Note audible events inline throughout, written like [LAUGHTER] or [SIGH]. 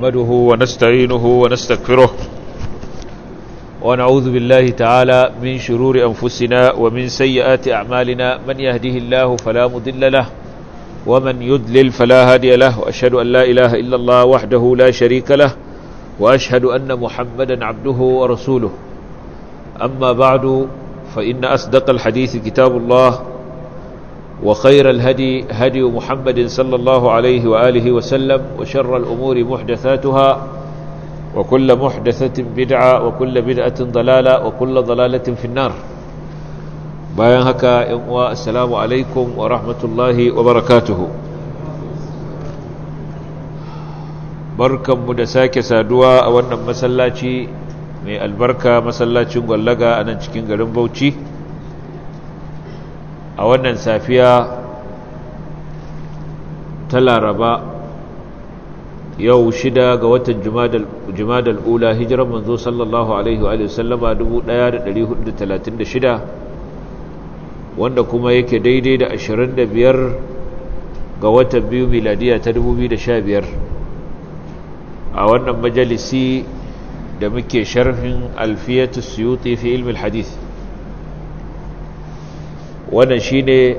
نحمده ونستعينه ونستغفره ونعوذ بالله تعالى من شرور أنفسنا ومن سيئات أعمالنا من يهده الله فلا مضل له ومن يدلل فلا هادي له وأشهد أن لا إله إلا الله وحده لا شريك له وأشهد أن محمدا عبده ورسوله أما بعد فإن أصدق الحديث كتاب الله وخير الهدي هدي محمد صلى الله عليه وآله وسلم وشر الأمور محدثاتها وكل محدثة بدعة وكل بدعة ضلالة وكل ضلالة في النار bayan haka ‘yan uwa assalamu alaikum wa rahmatullahi wa barakatuhu barkanmu da sake saduwa a wannan masallaci mai albarka masallacin gwallaga a nan cikin garin bauchi a wannan safiya ta laraba yau shida ga watan jumadal ula hijirar manzo sallallahu alaihi wa sallama 1436 wanda kuma yake daidai da 25 ga watan biyu miladiya ta 2015 a wannan majalisi da muke sharhin alfiyatu suyuti fi ilmi hadith wannan shi shine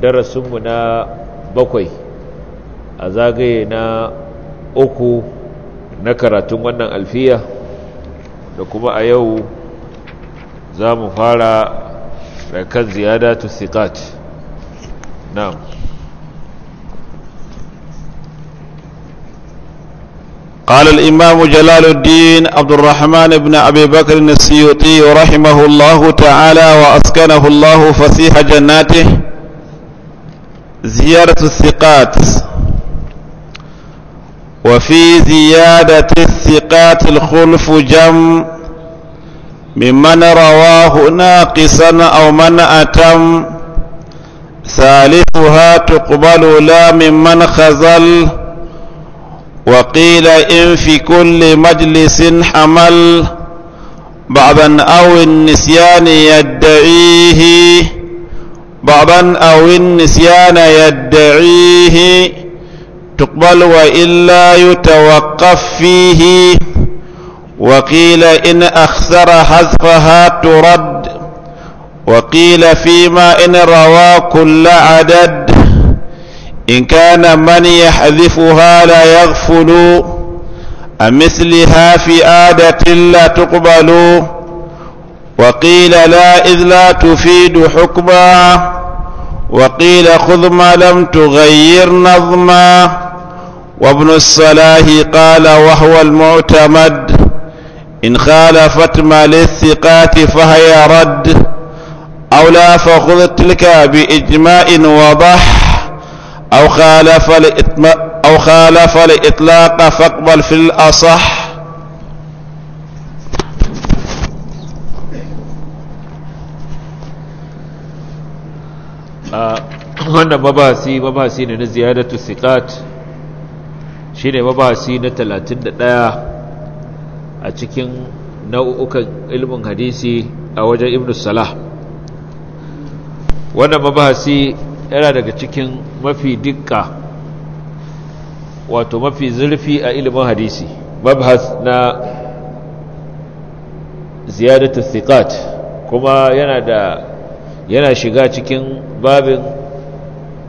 darasinmu na bakwai a zagaye na uku na karatun wannan alfiya da kuma a yau za mu fara da kan ziyadatu sikat na'am قال الإمام جلال الدين عبد الرحمن بن أبي بكر السيوطي رحمه الله تعالى وأسكنه الله فسيح جناته زيارة الثقات وفي زيادة الثقات الخلف جم ممن رواه ناقصا أو من أتم ثالثها تقبل لا ممن خزل وقيل إن في كل مجلس حمل بعضا أو النسيان يدعيه بعضا أو النسيان يدعيه تقبل وإلا يتوقف فيه وقيل إن أخسر حذفها ترد وقيل فيما إن روى كل عدد إن كان من يحذفها لا يغفل أمثلها في آدة لا تقبل وقيل لا إذ لا تفيد حكما وقيل خذ ما لم تغير نظما وابن الصلاح قال وهو المعتمد إن خالفت ما للثقات فهي رد أو لا فخذ تلك بإجماء وضح أو خالف الإتم أو خالف الإطلاق فاقبل في الأصح wannan mabasi mabasi ne na ziyadatu siqat shine mabasi na 31 a cikin nau'ukan ilmin hadisi a wajen ibnu salah wannan mabasi yana daga cikin mafi dukka wato mafi zurfi a ilimin hadisi mabhas na ziyadatu thiqat kuma yana da yana shiga cikin babin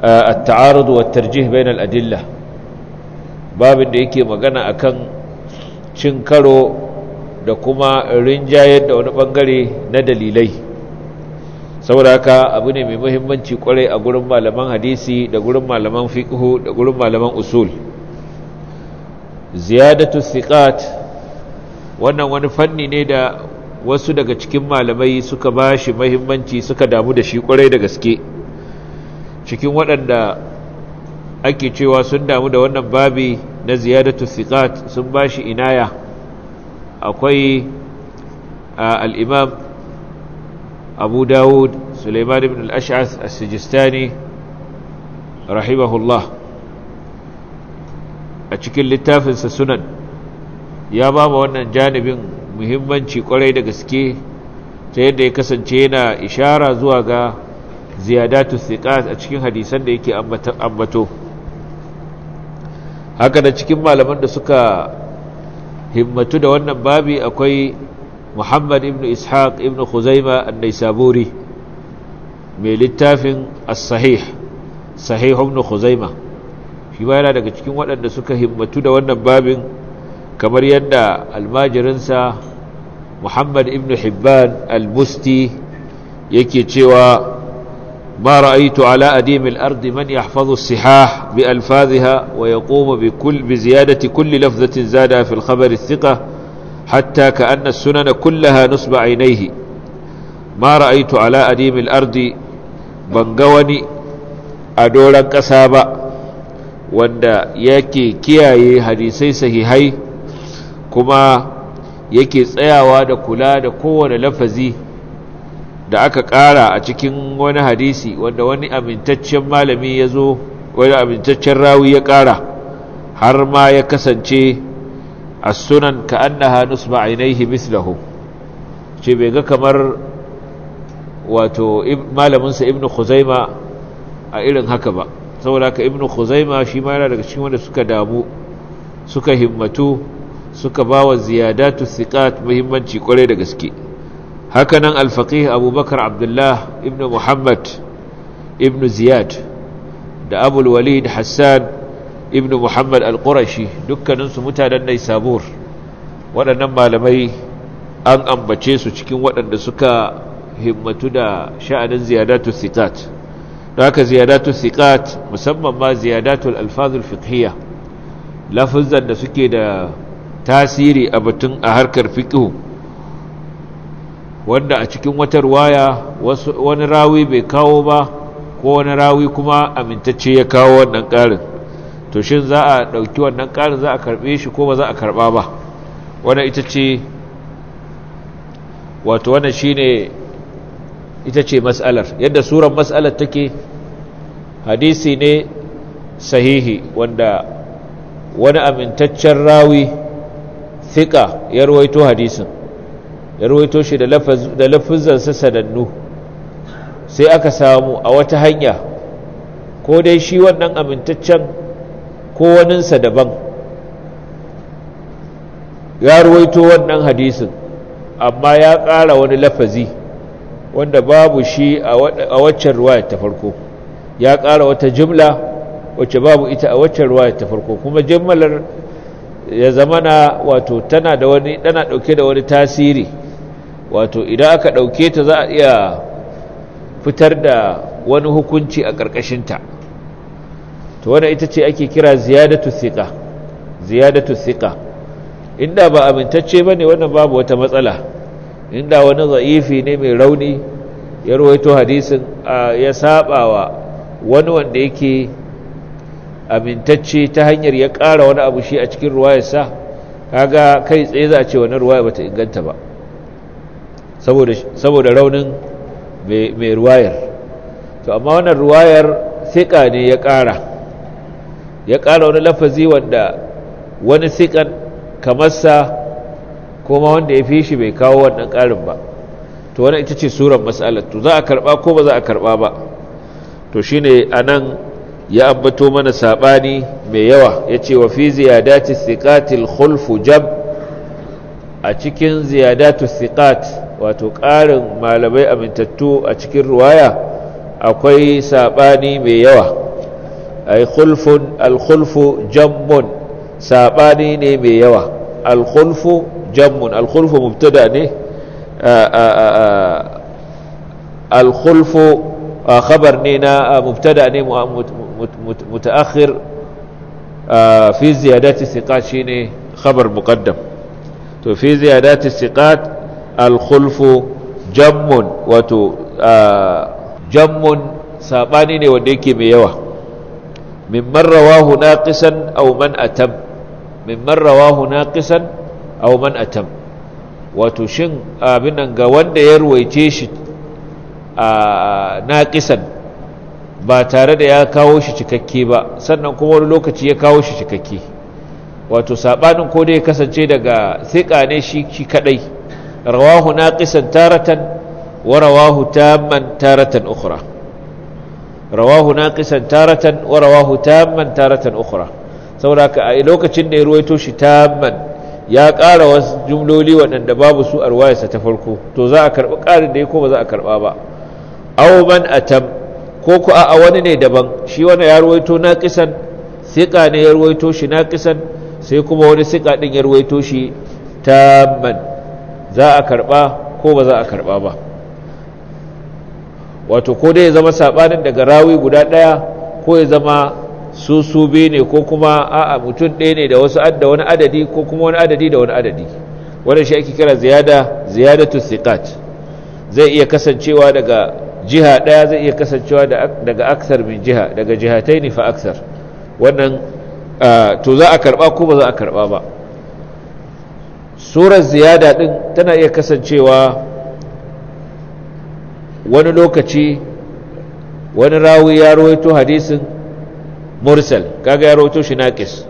at-ta'arud wa tarjih bain al-adilla babin da yake magana akan cin karo da kuma rinjayar da wani bangare na dalilai Sauraka abu ne mai muhimmanci kwarai a gurin malaman hadisi da gurin malaman fiqhu da gurin malaman usul ziyadatu thiqat wannan wani fanni ne da wasu daga cikin malamai suka ba shi muhimmanci suka damu da shi kwarai da gaske cikin waɗanda ake cewa sun damu da wannan babi na ziyadatu thiqat sun ba shi inaya akwai al-imam أبو داود سليمان بن الأشعث السجستاني رحمه الله أشكل لتافن سسنن يا بابا وانا جانب مهم من شي قولي دقسكي تيد يكسن شينا إشارة زواغا زيادات الثقات أشكل حديثا ديكي أمتو هكذا أشكل ما لمن سكا himmatu da wannan babi akwai muhammad ibn ishaq ibn khuzaima an-naisaburi mai littafin as-sahih sahih ibn khuzaima shi daga cikin waɗanda suka himmatu da wannan babin kamar yadda almajirinsa muhammad ibn hibban al-busti yake cewa ما رأيت على أديم الأرض من يحفظ الصحاح بألفاظها ويقوم بكل بزيادة كل لفظة زادها في الخبر الثقة حتى كأن السنن كلها نصب عينيه ما رأيت على أديم الأرض بنقوني أدولا ba, wanda yake kiyaye hadisai sahihai kuma yake tsayawa da kula da kowane lafazi da aka ƙara a cikin wani hadisi wanda wani amintaccen malami ya zo wani amintaccen rawi ya ƙara har ma ya kasance A sunan ka annaha nusba ainihi mislahu ce bai ga kamar wato malaminsa ibnu khuzaima a irin haka ba saboda haka ibnu khuzaima shi ma yana daga cikin wanda suka damu suka himmatu suka bawa wa ziyadatu siqat muhimmanci kwarai da gaske hakanan al-faqih abubakar abdullah ibnu muhammad ibnu ziyad da abul hassan ibn muhammad al-qurashi dukkaninsu mutanen naisabur waɗannan malamai an ambace su cikin waɗanda suka himmatu da sha'anin ziyadatu sitat da haka ziyadatu sitat musamman ma ziyadatul alfazul fiqhiyya lafazan da suke da tasiri a batun a harkar fiqhu wanda a cikin wata ruwaya wani rawi bai kawo ba ko wani rawi kuma amintacce ya kawo wannan ƙarin to shin za a ɗauki wannan ƙarin za a karɓe shi ko ba za a karɓa ba wannan ita ce wato wannan shi ne ita ce matsalar yadda surar matsalar take hadisi ne sahihi wanda wani amintaccen rawi fiƙa ya ruwaito hadisin ya ruwaito shi da lafizan sassanannu sai aka samu a wata hanya ko dai shi wannan amintaccen ko waninsa daban ya ruwaito wannan hadisin amma ya ƙara wani lafazi wanda babu shi a waccan ruwayar ta farko ya ƙara wata jimla wacce babu ita a waccan ruwayar ta farko kuma jimlar ya zamana wato tana da wani tana ɗauke da wani tasiri wato idan aka ɗauke ta za a iya fitar da wani hukunci a ƙarƙashinta to wannan ita ce ake kira ziyadatu thiqa ziyadatu ba inda ba amintacce bane wannan babu wata matsala inda wani za'ifi ne mai rauni ya rawaito hadisin ya sabawa wani wanda yake amintacce ta hanyar ya ƙara wani abu shi a cikin ruwayarsa kaga kai tsaye za a ce wannan ruwaya bata inganta ba saboda saboda raunin mai ruwayar to amma wannan ruwayar thiqa ne ya ƙara ya ƙara wani lafazi wanda wani siƙan kamarsa kuma wanda ya fi shi bai kawo wannan ƙarin ba to wani ita ce surar mas'alar, to za a karɓa ko ba za a karɓa ba to shine ne a nan ya ambato mana saɓani mai yawa ya ce wa fi ziyadati siƙatil khulfu jam a cikin ziyadatu siƙat wato ƙarin malamai amintattu a cikin ruwaya akwai saɓani mai yawa ay khulfun al-khulfu jammun sabani ne mai yawa al-khulfu jammun al-khulfu mubtada ne al-khulfu khabar ne na mubtada ne mutaakhir fi ziyadati siqat shine khabar muqaddam to fi ziyadati siqat al-khulfu jammun wato ne wanda yake mai yawa mimman rawahu naqisan aw man atam wato shin abin nan ga wanda ya ruwaice shi a naqisan ba tare da ya kawo shi cikakke ba sannan kuma wani lokaci ya kawo shi cikakke wato saɓanin ko dai kasance daga thiqa ne shi shi kadai rawahu naqisan taratan wa rawahu tamman taratan ukhra rawahu naqisan taratan wa rawahu tamman taratan ukhra saboda ka a lokacin da ya ruwaito shi tamman ya ƙara wasu jumloli waɗanda babu su a ruwayarsa ta farko to za a karɓi ƙarin da ya ko ba za a karɓa ba aw man atam ko ku a wani ne daban shi wani ya ruwaito naqisan siƙa ne ya ruwaito shi naqisan sai kuma wani siƙa ɗin ya ruwaito shi tamman za a karɓa ko ba za a karɓa ba wato ko dai ya zama sabanin daga rawi guda daya ko ya zama su su ne ko kuma a'a mutum ɗaya ne da wasu adda wani adadi ko kuma wani adadi da wani adadi wannan shi ake kira ziyada to thiqat zai iya kasancewa daga jiha daya zai iya kasancewa daga aksar min jiha daga jihataini fa aksar wannan to za a karba ko ba za a karba ba surar ziyada din tana iya kasancewa wani lokaci wani rawi ya rawaito hadisin mursal kaga ya rawaito shi naqis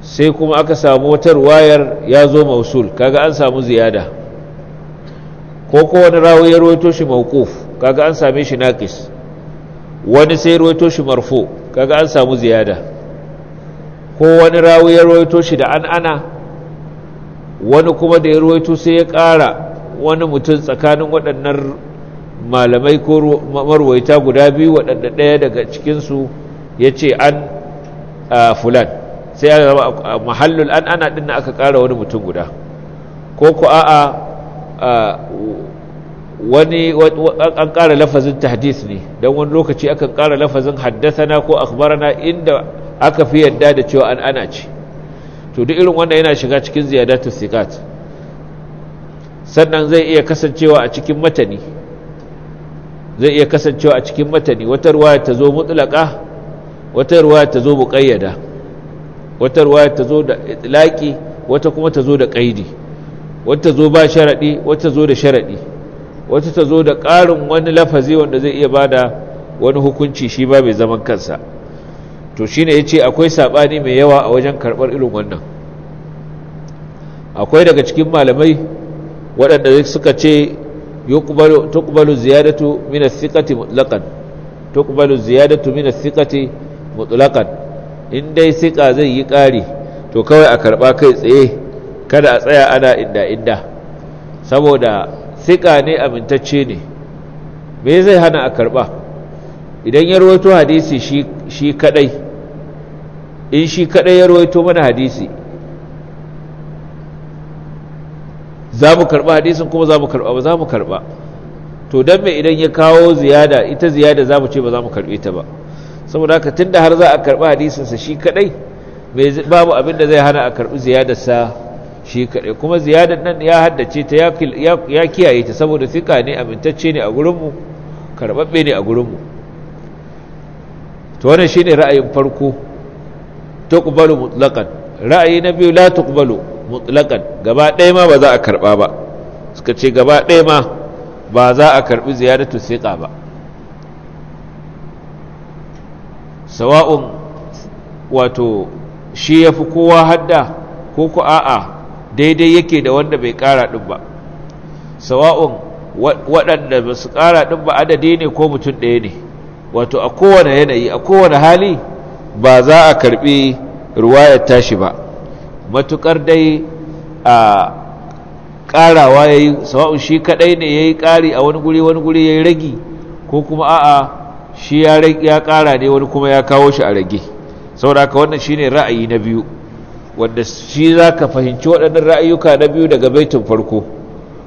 sai kuma aka samu wata ruwayar ya zo mausul kaga an samu ziyada ko ko wani rawi ya rawaito shi mawquf kaga an same shi naqis wani sai rawaito shi marfu kaga an samu ziyada ko wani rawi ya rawaito shi da an ana wani kuma da ya rawaito sai ya ƙara wani mutum tsakanin waɗannan malamai ko marwaita guda biyu waɗanda ɗaya daga cikinsu ya ce an fulan sai ya zama a mahallul an ana ɗin aka ƙara wani mutum guda ko ku a'a wani an ƙara lafazin tahdis ne don wani lokaci aka ƙara lafazin haddasana ko akbarana inda aka fi yadda da cewa an ana ce to duk irin wanda yana shiga cikin ziyadatul sigat. sannan zai iya kasancewa a cikin matani zai iya kasancewa a cikin matani wata ruwaya ta zo mutlaka wata ruwaya ta zo muqayyada wata ruwaya ta zo da itlaqi wata kuma ta zo da qaidi wata zo ba sharadi wata zo da sharadi wata ta zo da ƙarin wani lafazi wanda zai iya bada wani hukunci shi ba mai zaman kansa to shine yace akwai sabani mai yawa a wajen karbar irin wannan akwai daga cikin malamai waɗanda suka ce yuqbalu tuqbalu ziyadatu min as-siqati mutlaqan ziyadatu min as-siqati mutlaqan in dai siqa zai yi ƙari to kawai a karɓa kai tsaye kada a tsaya ana inda inda saboda siqa ne amintacce ne me zai hana a karɓa? idan ya rawaito hadisi shi kadai in shi kadai ya rawaito mana hadisi za mu karɓa hadisin kuma za mu karɓa ba za mu karɓa to don me idan ya kawo ziyada ita ziyada za mu ce ba za mu karɓe ta ba saboda haka tun da har za a karɓi hadisinsa shi kaɗai babu abin da zai hana a karɓi ziyadarsa shi kaɗai kuma ziyadar nan ya haddace ta ya kiyaye ta saboda fika ne amintacce ne a gurinmu karɓaɓɓe ne a gurinmu to wannan shi ra'ayin farko tuqbalu mutlaqan ra'ayi na biyu la tuqbalu mutlaƙan gaba ɗaya ma ba za a karɓa ba suka ce gaba ɗaya ma ba za a karɓi ziyaratu siƙa ba sawa'un wato shi ya fi kowa hadda ko ku a'a daidai yake da wanda bai ƙara ɗin ba sawa'un waɗanda ba su ƙara ɗin ba adadi ne ko mutum ɗaya ne wato a kowane yanayi a kowane hali ba za a karɓi ruwayar tashi ba matukar dai a ƙarawa ya yi sawa'un shi kaɗai ne ya yi ƙari a wani guri wani guri ya yi ragi ko kuma a'a shi ya ƙara ne wani kuma ya kawo shi a rage sauraka wannan shi ne ra'ayi na biyu wanda shi za ka fahimci waɗannan ra'ayuka na biyu daga baitin farko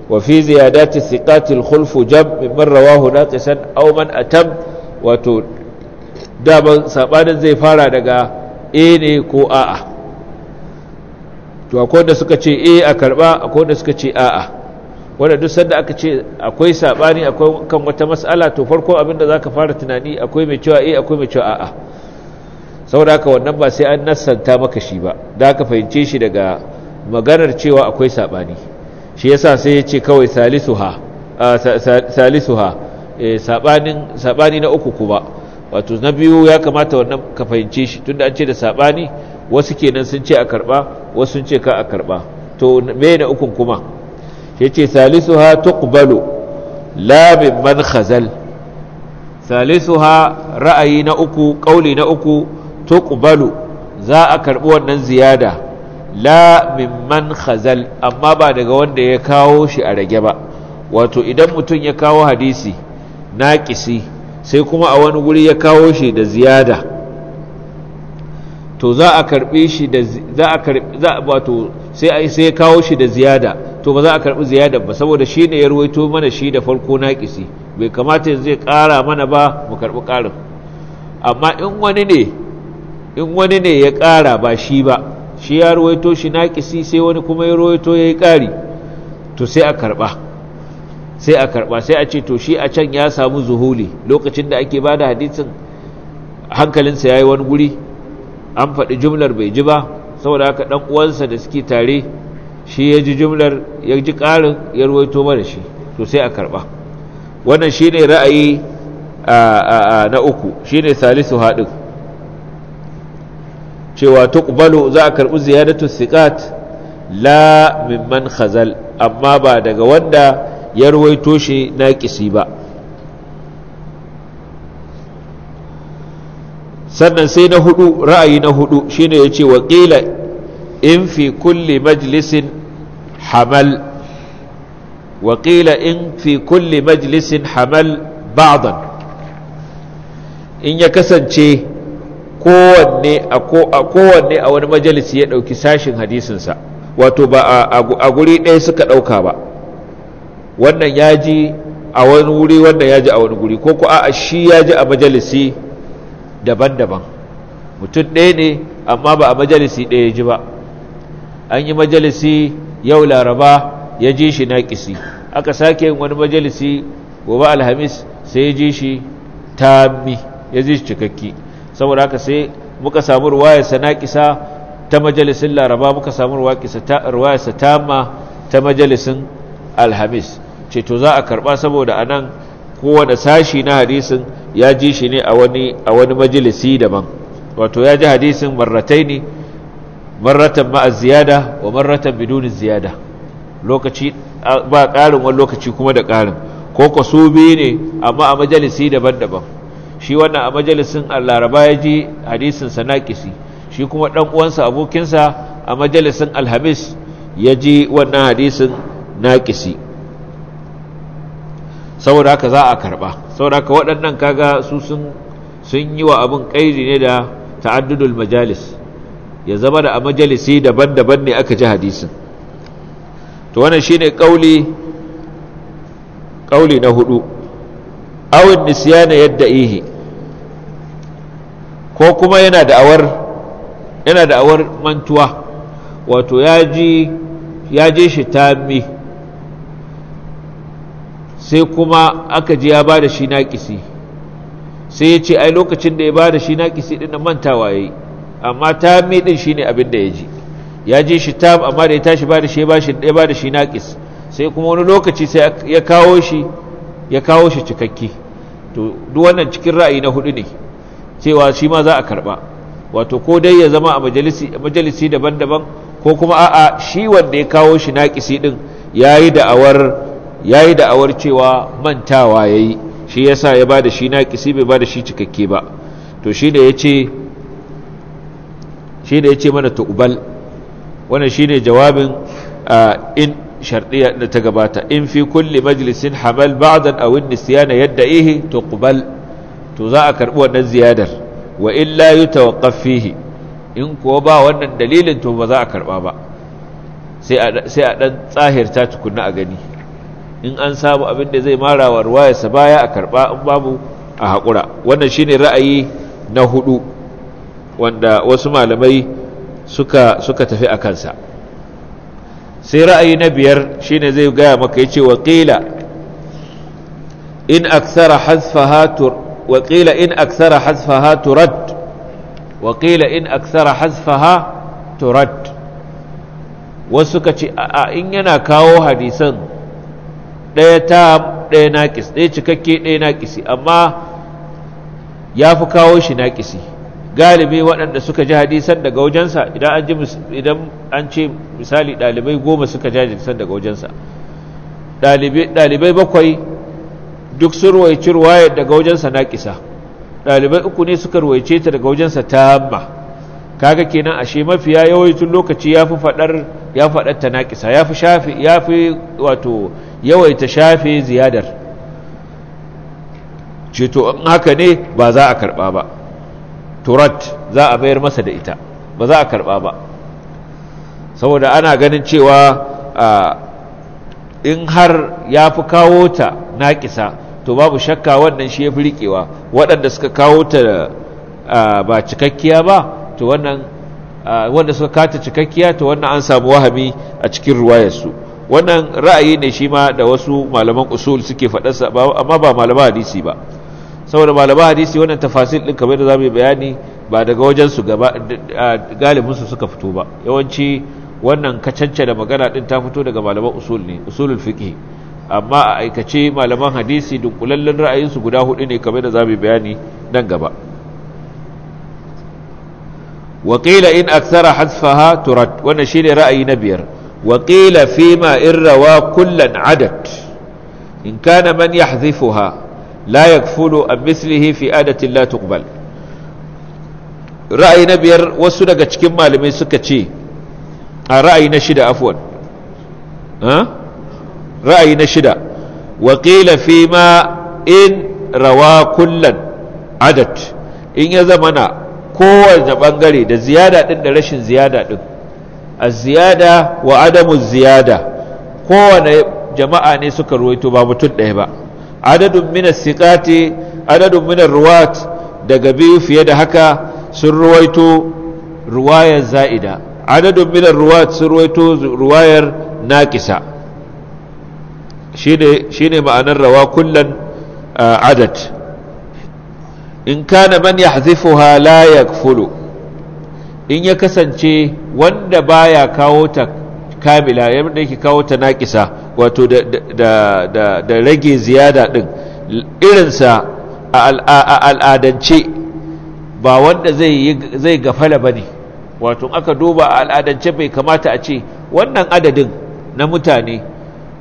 wa fi ziyadati thiqatil hulfu jam min rawahu naqisan auman a atam wato daban saɓanin zai fara daga a ne ko a'a to akwai da suka ce eh a karba akwai da suka ce a'a wanda duk sanda aka ce akwai sabani akwai kan wata mas'ala to farko abinda zaka fara tunani akwai mai cewa eh akwai mai cewa a'a saboda haka wannan ba sai an nassanta maka shi ba da ka fahimce shi daga maganar cewa akwai sabani shi yasa sai ya ce kawai salisuha salisuha eh, sabanin sabani na uku kuma wato na biyu ya kamata wannan ka fahimce shi tunda an ce da sabani wasu kenan sun ce a karba wasu sun ce ka a karba to me na ukun kuma yace salisuha tuqbalu la man khazal salisuha ra'ayi na uku kauli na uku tuqbalu za a karbi wannan ziyada la man khazal amma ba daga wanda ya kawo shi a rage ba wato idan mutum ya kawo hadisi naƙisi sai kuma a wani guri ya kawo shi da ziyada to za a karbe shi da za a karbe za wato sai sai ya kawo shi da ziyada to ba za a karbi ziyada ba saboda shi ne ya ruwaito mana shi da farko naqisi bai kamata zai ƙara mana ba mu karbi ƙarin amma in wani ne in wani ne ya ƙara ba shi ba shi ya ruwaito shi naqisi sai wani kuma ya ruwaito yayi ƙari to sai a karba sai a karba sai a ce to shi a can ya samu zuhuli lokacin da ake bada hadisin hankalinsa yayi wani guri an faɗi jumlar bai ji ba saboda haka ɗan uwansa da suke tare shi ya ji jumlar ya ji ƙarin ya ruwaito mana shi to sai a karɓa wannan shi ne ra'ayi na uku shi ne salisu haɗin cewa ƙubalo za a karɓi ziyaratun Sikat la mimman khazal amma ba daga wanda ya ruwaito shi na ƙisi ba sannan sai na hudu ra'ayi na hudu shine ya ce waƙila in fi kulli majlisin hamal waƙila in fi kulli majlisin hamal ba'dan in ya kasance kowanne a wani majalisi ya ɗauki sashin hadisinsa wato ba a guri ɗaya suka ɗauka ba wannan ya ji a wani wuri wannan ya ji a wani guri ko ko a shi ya ji a majalisi daban-daban mutum ɗaya ne amma ba a majalisi ɗaya ya ji ba an yi majalisi yau laraba ya ji shi naƙisi aka sake yin wani majalisi gobe alhamis sai ya ji shi mi ya ji shi cikakki saboda haka sai muka samu ruwayarsa naƙisa ta majalisin laraba muka samu ruwayarsa tama ta majalisin alhamis ce za a karɓa saboda a nan kowane sashi na hadisin ya ji shi ne a wani a wani majalisi daban wato ya ji hadisin marrataini marratan ma'a ziyada wa marratan biduni ziyada lokaci ba ƙarin wani lokaci kuma da ƙarin ko ko biyu ne amma a majalisi daban-daban shi wannan a majalisin laraba ya ji hadisin sanakisi shi kuma ɗan uwansa abokinsa a majalisin alhamis ya ji wannan hadisin nakisi saboda haka za a karɓa sauraka waɗannan kaga su sun yi wa abin ƙairi ne da ta'addudul majalis ya zama da a majalisi daban-daban ne aka ji hadisin to wannan shine kauli kauli na hudu awin nisyana yadda ihi ko kuma yana da awar yana da awar mantuwa wato ya je shi tammi sai kuma aka ji ya ba da shi naƙisi sai ya ce ai lokacin da ya ba da shi naƙisi ɗin nan mantawa ya yi amma ta miɗin shi ne abin da ya ji ya ji shi ta amma da ya tashi ba da shi ya ba da shi naƙis sai kuma wani lokaci sai ya kawo shi ya kawo shi cikakke to duk wannan cikin ra'ayi na hudu ne cewa shi ma za a karba wato ko dai ya zama a majalisi daban-daban ko kuma a'a shi wanda ya kawo shi naƙisi ɗin ya yi da'awar ya yi da'awar cewa mantawa ya yi shi ya sa ya ba da shi naƙisi bai ba da shi cikakke ba to shi da ya ce mana tu'ubal wani shi ne jawabin in sharɗiya da ta gabata in fi kulli majalisin hamal ba'dan awin nisiyana yadda ihe tuqbal to za a karɓi wannan ziyadar wa illa yutawaqqaf fihi in kuwa ba wannan dalilin to ba za a karɓa ba sai a ɗan tsahirta tukunna a gani in an samu abin da zai mara wa ruwayarsa baya a karba in babu a haƙura wannan shine ra'ayi na hudu wanda wasu malamai suka suka tafi a kansa sai ra'ayi na biyar shine zai gaya maka yace ce qila in aksara hasfaha tur turad wa in akthara hazfaha turad wasu ka ce a in yana kawo hadisan ɗaya ta ɗaya naƙis ɗaya cikakke ɗaya naƙisi amma ya fi kawo shi naƙisi galibi waɗanda suka ji hadisan daga wajensa idan an ji idan an ce misali ɗalibai goma suka ji hadisan daga wajensa ɗalibai bakwai duk sun ruwaici ruwayar daga wajensa naƙisa ɗalibai uku ne suka ruwaice ta daga wajensa ta hamma kaga kenan ashe mafiya yawaitun lokaci ya fi faɗar ya fadar ta naƙisa ya fi shafi ya wato yawaita shafe ziyadar ceto in haka ne ba za a karɓa ba turat za a bayar masa da ita ba za a karɓa ba saboda ana ganin cewa in har ya fi kawo ta naƙisa to babu shakka wannan shi ya fi riƙewa waɗanda suka kawo ta ba cikakkiya ba to wannan wanda suka kata cikakkiya to wannan an samu wahami a cikin ruwayarsu wannan ra'ayi ne shi ma da wasu malaman usul suke faɗarsa amma ba malaman hadisi ba saboda malaman hadisi wannan tafasil ɗin kamar da za mu bayani ba daga wajensu gaba galibinsu suka fito ba yawanci wannan kacance da magana ɗin ta fito daga malaman usul ne usulul fiqh amma a aikace malaman hadisi dunkulallen ra'ayinsu guda hudu ne kamar da za mu yi bayani nan gaba waƙila in aksara hasfaha turat wannan shi ne ra'ayi na biyar waƙila fi ma in rawa kullan adat in kana ya hazifuha la ya fulu a mislihi fi adatin la tuqbal ra'ayi na biyar wasu daga cikin malamai suka ce a ra'ayi na shida afwan ra'ayi na shida waƙila fi ma in rawa kullan adat in ya zamana kowace bangare da ziyada din da rashin ziyada din az-ziyada wa adamu ziyada kowane jama'a ne suka ruwaito ba mutum ɗaya ba adadun min as-siqati adadun min ruwat daga biyu fiye da haka sun ruwaito ruwayar za'ida adadun min ruwat sun ruwaito ruwayar naqisa shine shine ma'anar rawa kullan uh, adad in kana man yahzifuha la yakfulu in ya kasance wanda baya kawo ta kamila yadda yake kawo ta naƙisa wato da rage ziyada ɗin irinsa a al'adance ba wanda zai gafala ba ne wato aka duba a al'adance bai kamata a ce wannan adadin na mutane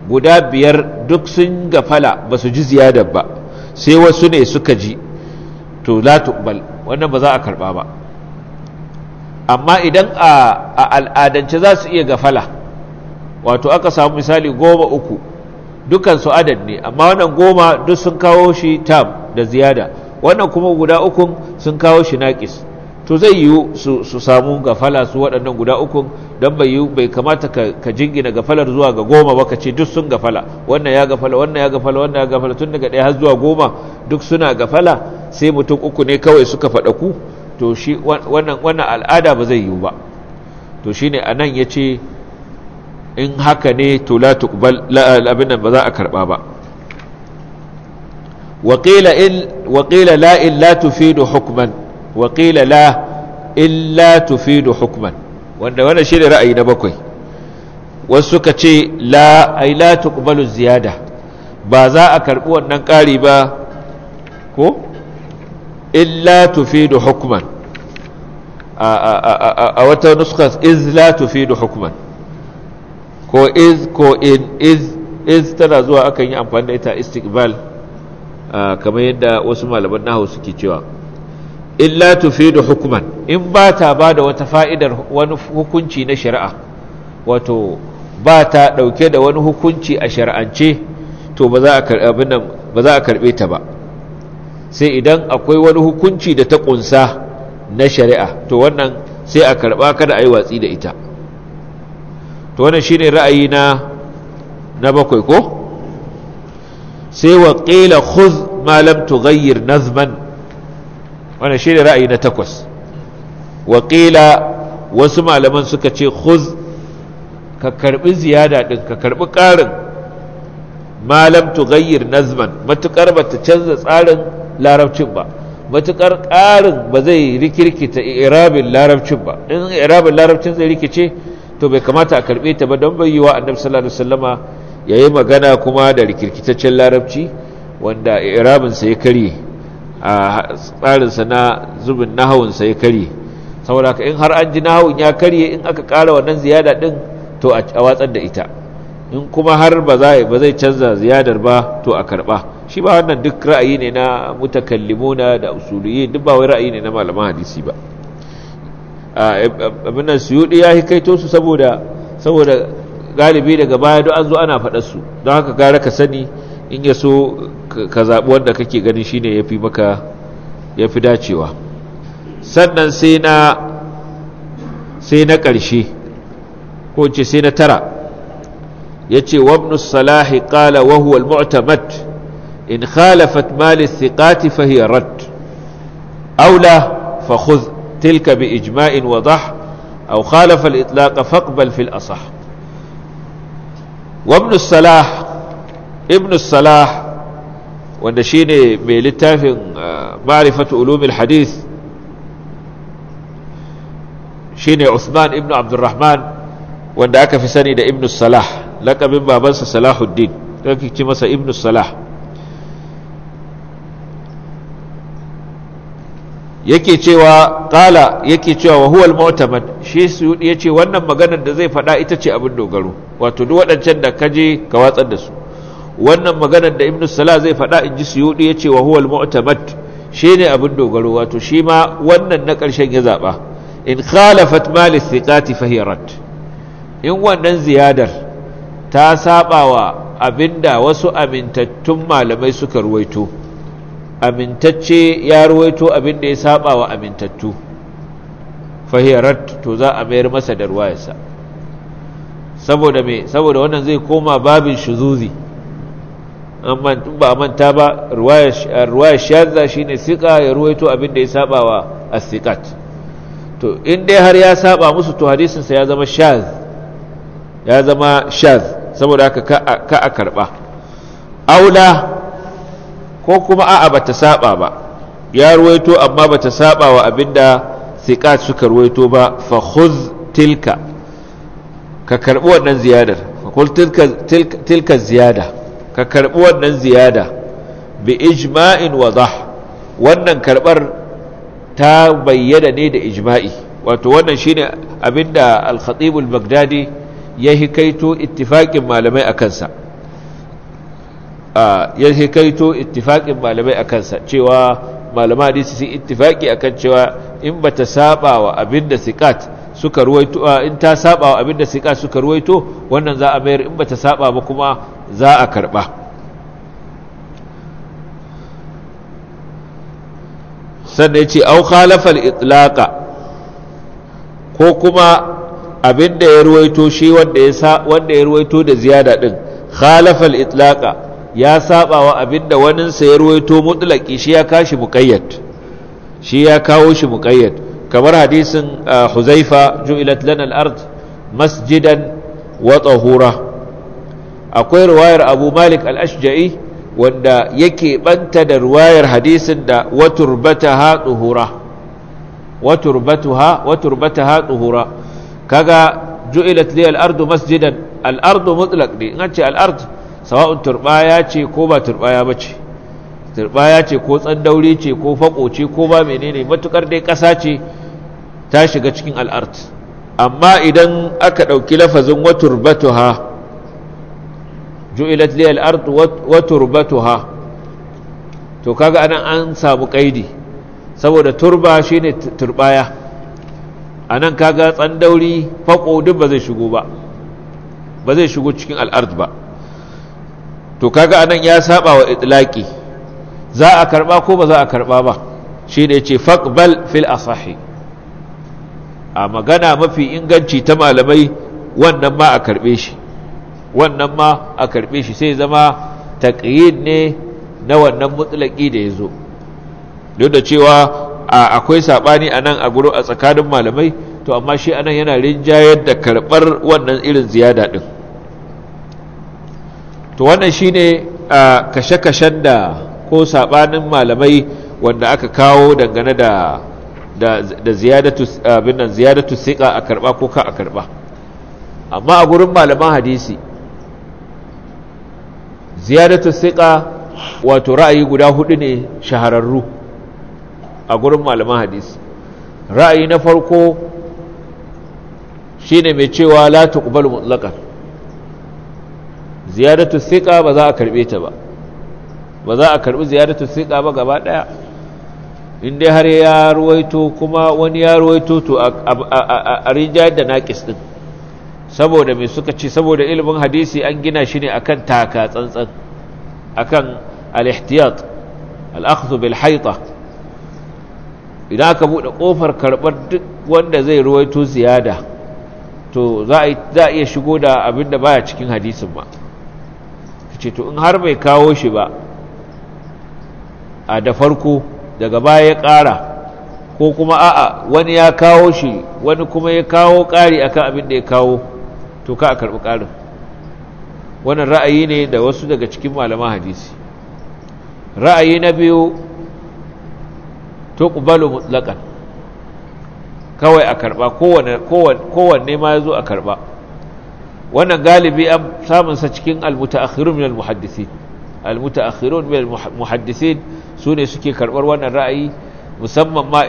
guda biyar duk sun gafala ba su ji ziyadar ba sai wasu ne suka ji to la tuqbal wannan ba za a karba ba amma idan a al'adance za su iya gafala wato aka samu misali goma uku su adad ne amma wannan goma duk sun kawo shi tam da ziyada wannan kuma guda ukun sun kawo shi naƙis to zai yiwu su samu gafala su waɗannan guda ukun don bai yiwu bai kamata ka jingina gafalar zuwa ga goma ba ka ce duk sun gafala wannan ya gafala wannan ya gafala wannan ya gafala tun daga ɗaya har zuwa goma duk suna gafala sai mutum uku ne kawai suka faɗa ku to shi wannan al'ada ba zai yiwu ba to shi ne a nan ya ce in haka ne to la tuqbal abin nan ba za a karɓa ba وقيل إل وقيل لا إلا تفيد حكما وقيل لا إلا تفيد حكما wanda wannan shine ra'ayi na bakwai wasu suka ce la ai la tuqbalu ziyada ba za a karɓi wannan ƙari ba illa tufidu hukman a wata nuskas iz la tufidu hukman ko iz ko in iz iz tana zuwa akan yi amfani da ita istiqbal kamar yadda wasu malaman nahawu suke cewa illa tufidu hukman in ba ta ba da wata fa'idar wani hukunci na shari'a wato ba ta ɗauke da wani hukunci a shari'ance to ba za a karɓe ta ba sai idan akwai wani hukunci da ta ƙunsa na shari'a to wannan sai a karɓa kada a yi watsi da ita to wannan shi ne ra'ayi na na bakwai ko sai wa ƙila khuz malam tughayyir nazman wannan shi ne ra'ayi na takwas wa ƙila wasu malaman suka ce khuz ka karɓi ziyada ɗin ka karɓi ƙarin malam tughayyir nazman matuƙar bata canza tsarin larabcin ba matukar ƙarin ba zai rikirkita irabin larabcin ba in irabin larabcin zai rikice to bai kamata a karɓe ta ba don bai yi wa annabi sallallahu alaihi wasallama ya magana kuma da rikirkitaccen larabci wanda irabinsa ya karye a sa na zubin nahawunsa ya karye saboda in har an ji nahawun ya karye in aka ƙara wannan ziyada ɗin to a watsar da ita in kuma har ba zai canza ziyadar ba to a karba shi ba wannan duk ra'ayi ne na mutakallimuna da usuliyyi duk ba wai ra'ayi ne na malaman hadisi ba abin nan suyudi ya hikaito su saboda saboda galibi daga baya duk an zo ana faɗar su don haka gara ka sani in ya so ka zaɓi wanda kake ganin shine yafi maka yafi dacewa sannan sai na sai na ƙarshe ko ce sai na tara يتي وابن الصلاح قال وهو المعتمد إن خالفت مال الثقات فهي رد أو لا فخذ تلك بإجماء وضح أو خالف الإطلاق فاقبل في الأصح وابن الصلاح ابن الصلاح ونشيني ميلتاف آه، معرفة علوم الحديث شيني عثمان ابن عبد الرحمن وندعك في سنة ابن الصلاح Lakabin babansa salahuddin kake ci masa ibn salah yake cewa ƙala yake cewa wa huwal mu'tamad shi suyudi yace wannan maganar da zai faɗa ita ce abin dogaro wato duk waɗancan da kaje ka watsar da su wannan maganar da ibn salah zai faɗa in ji ya yace wa huwal mu'tamad ne abin dogaro wato shi ma wannan na ƙarshen ya zaba in khalafat mal thiqati fahirat in wannan ziyadar ta sabawa abinda wasu amintattun malamai suka ruwaito amintacce ya ruwaito abinda ya sabawa amintattu fahiyarat to za a mayar masa da ruwayarsa saboda me saboda wannan zai koma babin shuzuzi amma tun ba manta ba ruwayar shazza shine sika ya ruwaito abinda ya sabawa as sikat. to in dai har ya saba musu to hadisin sa ya zama shaz ya zama shaz saboda haka ka a karba aula ko kuma a'a bata saba ba ya ruwaito amma bata saba wa abinda siqat suka ruwaito ba fa khudh tilka ka karbi wannan ziyadar fa kul tilka tilka ziyada ka karbi wannan ziyada bi ijma'in wadah wannan karbar ta bayyana ne da ijma'i wato wannan shine abinda al-khatib al-baghdadi ya hikaito ittifaƙin malamai a kansa ya hikaito ittifaƙin malamai a kansa cewa malama hadisi sun ittifaƙi kan cewa in ba ta saba wa abin da sikat suka ruwaito in ta saba wa abin da sikat suka ruwaito wannan za a mayar in ba ta saba ba kuma za a karɓa sannan ya ce au khalafal itlaqa ko kuma abinda ya ruwaito shi wanda ya ruwaito da ziyada din khalafal itlaqa ya saba wa abinda waninsa ya ruwaito mutlaki shi ya kashi muqayyad shi ya kawo shi muqayyad kamar hadisin ah, huzaifa ju'ilat lana al-ard masjidan wa tahura akwai ruwayar abu malik al-ashja'i wanda yake banta da ruwayar hadisin da waturbataha tuhura waturbatuha kaga ju'ilat li al-ardu masjidan al-ardu mutlaq ne in ce al-ard sawa'un turbaya ce ko ba turbaya bace turbaya ce ko tsandauri ce ko fako ce ko ba menene matukar dai kasa ce ta shiga cikin al-ard amma idan aka dauki lafazin wa turbatuha ju'ilat li al-ard wa turbatuha to kaga anan an samu kaidi saboda turba shine turbaya a nan kaga tsandauri faƙo duk ba zai shigo ba ba zai shigo cikin al'ard ba to kaga a nan ya saba wa itlaƙi za a karɓa ko ba za a karɓa ba shi ne ce faƙbal fil asahi a magana mafi inganci ta malamai wannan ma a karɓe shi wannan ma a karɓe shi sai zama taƙiyin ne na wannan mutlaki da ya zo duk da cewa akwai saɓani a nan a guru a tsakanin malamai to amma shi anan yana rinjayar da karɓar wannan irin ziyada ɗin to wannan shi ne kashe-kashen da ko saɓanin malamai wanda aka kawo dangane da da ziyadatu abin nan a karɓa ko ka a karɓa. amma a gurin malaman hadisi ziyadatu siqa wato ra'ayi guda hudu ne shahararru a gurin malaman hadisi ra'ayi na farko shine mai cewa latu tuqbalu mutlaqan ziyadatu thiqa ba za a karbe ta ba ba za a karbi ziyadatu thiqa ba gaba ɗaya in dai har ya ruwaito kuma wani ya ruwaito to a rijayar da naqis din saboda mai suka ci saboda ilimin hadisi an gina shi ne akan taka tsantsan akan al-ihtiyat al-akhdhu bil hayta idan aka buɗe ƙofar karɓar duk wanda zai ruwaito ziyada to za a iya shigo da abin da baya cikin hadisin ma ce to in har bai kawo shi ba a da farko daga baya ya ƙara ko kuma a'a wani ya kawo shi wani kuma ya kawo ƙari akan abin da ya kawo to ka a karɓi ƙarin wannan ra'ayi ne da wasu daga cikin malaman hadisi ra'ayi na biyu tuqbalu mutlaqan kawai a karɓa, kowanne kowanne ma yazo a karba wannan galibi an samun sa cikin almutaakhirun min almuhaddisin almutaakhirun muhaddisin, su sune suke karbar wannan ra'ayi musamman ma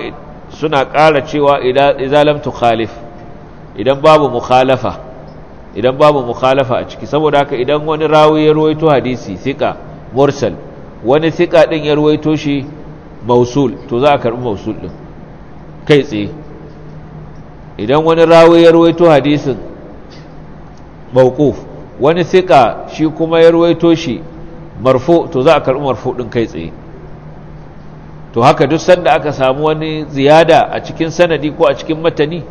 suna ƙara cewa idza lam Khalif. idan babu mukhalafa idan babu mukhalafa a ciki saboda haka idan wani rawi ya ruwaito hadisi siƙa mursal wani siƙa din ya ruwaito shi mausul to za a karɓi mausul ɗin kai tsaye idan wani rawo ya ruwaito hadisin mawquf wani siƙa shi kuma ya ruwaito shi marfo to za a karɓi marfo ɗin kai tsaye to haka duk sanda aka samu wani ziyada a cikin sanadi ko a cikin matani